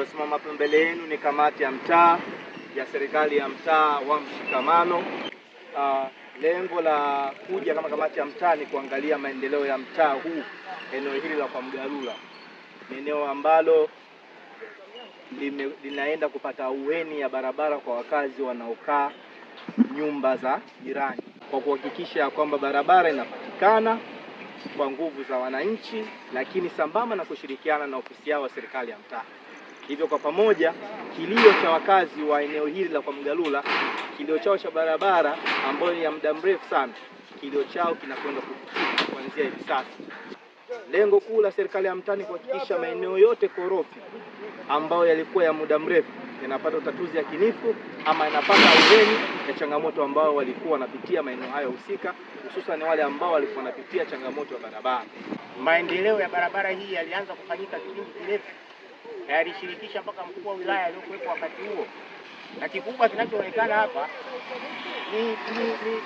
Iliyosimama hapo mbele yenu ni kamati ya mtaa ya serikali ya mtaa wa Mshikamano. Uh, lengo la kuja kama kamati ya mtaa ni kuangalia maendeleo ya mtaa huu, eneo hili la kwa Mgalula, ni eneo ambalo linaenda kupata uweni ya barabara kwa wakazi wanaokaa nyumba za jirani, kwa kuhakikisha kwamba barabara inapatikana kwa nguvu za wananchi, lakini sambamba na kushirikiana na ofisi yao wa serikali ya mtaa. Hivyo kwa pamoja, kilio cha wakazi wa eneo hili la kwa Mgalula, kilio chao cha barabara ambayo ni ya muda mrefu sana, kilio chao kinakwenda kufikia kuanzia hivi sasa. Lengo kuu la serikali ya mtaani kuhakikisha maeneo yote korofi ambayo yalikuwa ya muda mrefu yanapata utatuzi yakinifu ama yanapata ahueni ya changamoto ambao walikuwa wanapitia maeneo hayo husika, hususan wale ambao walikuwa wanapitia changamoto ya barabara. Maendeleo ya barabara hii yalianza kufanyika kipindi kirefu na yalishirikisha mpaka mkuu wa wilaya aliyokuwepo wakati huo, na kikubwa kinachoonekana hapa ni, ni, ni,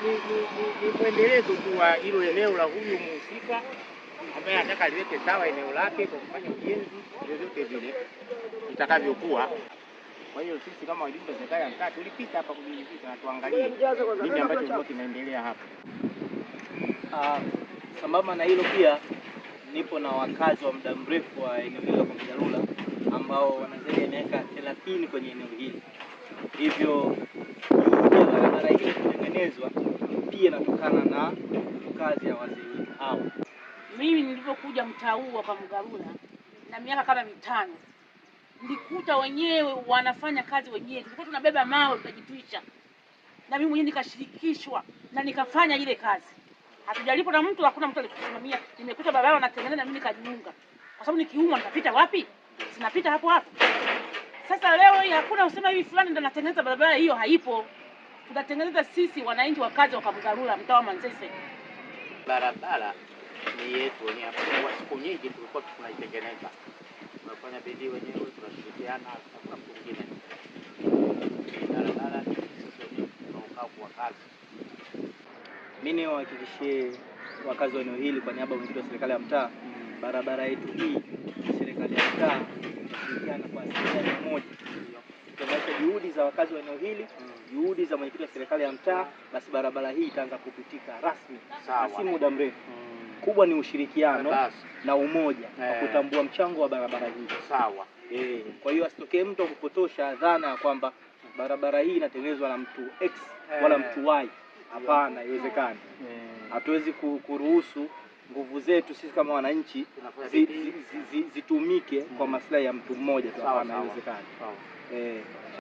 ni, ni, ni, ni mwendelezo tu wa hilo eneo la huyu mhusika ambaye anataka liweke sawa eneo lake kwa kufanya ujenzi vyovyote vile itakavyokuwa. Kwa hiyo sisi kama wajumbe wa serikali ya mtaa tulipita hapa kujiridhisha na tuangalie nini ambacho kilikuwa kinaendelea hapa. Uh, sambamba na hilo pia nipo na wakazi wa muda mrefu wa eneo hilo kwa Kongalula ambao wanazaidi ya miaka thelathini kwenye eneo hili, hivyo juhudi ya barabara hii kutengenezwa pia inatokana na kazi ya wazee hao. Mimi nilivyokuja mtaa huu hapa Mgarula na miaka kama mitano, nilikuta wenyewe wanafanya kazi wenyewe, tulikuwa tunabeba mawe tunajitwisha, na mimi mwenyewe nikashirikishwa na nikafanya ile kazi. hatujalipo na mtu, hakuna mtu alikusimamia. Nimekuta baba yao anatengeneza, na mimi nikajiunga, kwa sababu nikiumwa nitapita wapi? zinapita hapo hapo. Sasa leo hii hakuna usema hivi fulani ndo natengeneza barabara hiyo, haipo. Tunatengeneza sisi wananchi wa kazi wa Kabugalula, mtaa wa Manzese. Barabara ni yetu ni hapo, kwa siku nyingi tulikuwa tunaitengeneza, tunafanya bidii wenyewe, tunashirikiana, hakuna mtu mwingine. Barabara tunaokaa kazi. Mimi niwahakikishie wakazi wa eneo hili kwa niaba ya serikali ya mtaa, barabara yetu hii wakazi wa eneo hili, juhudi za mwenyekiti wa serikali ya mtaa, basi barabara hii itaanza kupitika rasmi na si muda mrefu. Hmm. Kubwa ni ushirikiano na umoja wa eh. kutambua mchango wa barabara hii. Sawa. E, kwa hiyo asitokee mtu akupotosha dhana ya kwamba barabara hii inatengenezwa na mtu X wala eh. mtu Y. Hapana, haiwezekani. Hatuwezi kuruhusu nguvu zetu sisi kama wananchi zitumike zi, zi, zi, kwa hmm. maslahi ya mtu mmoja tu. Hapana, haiwezekani.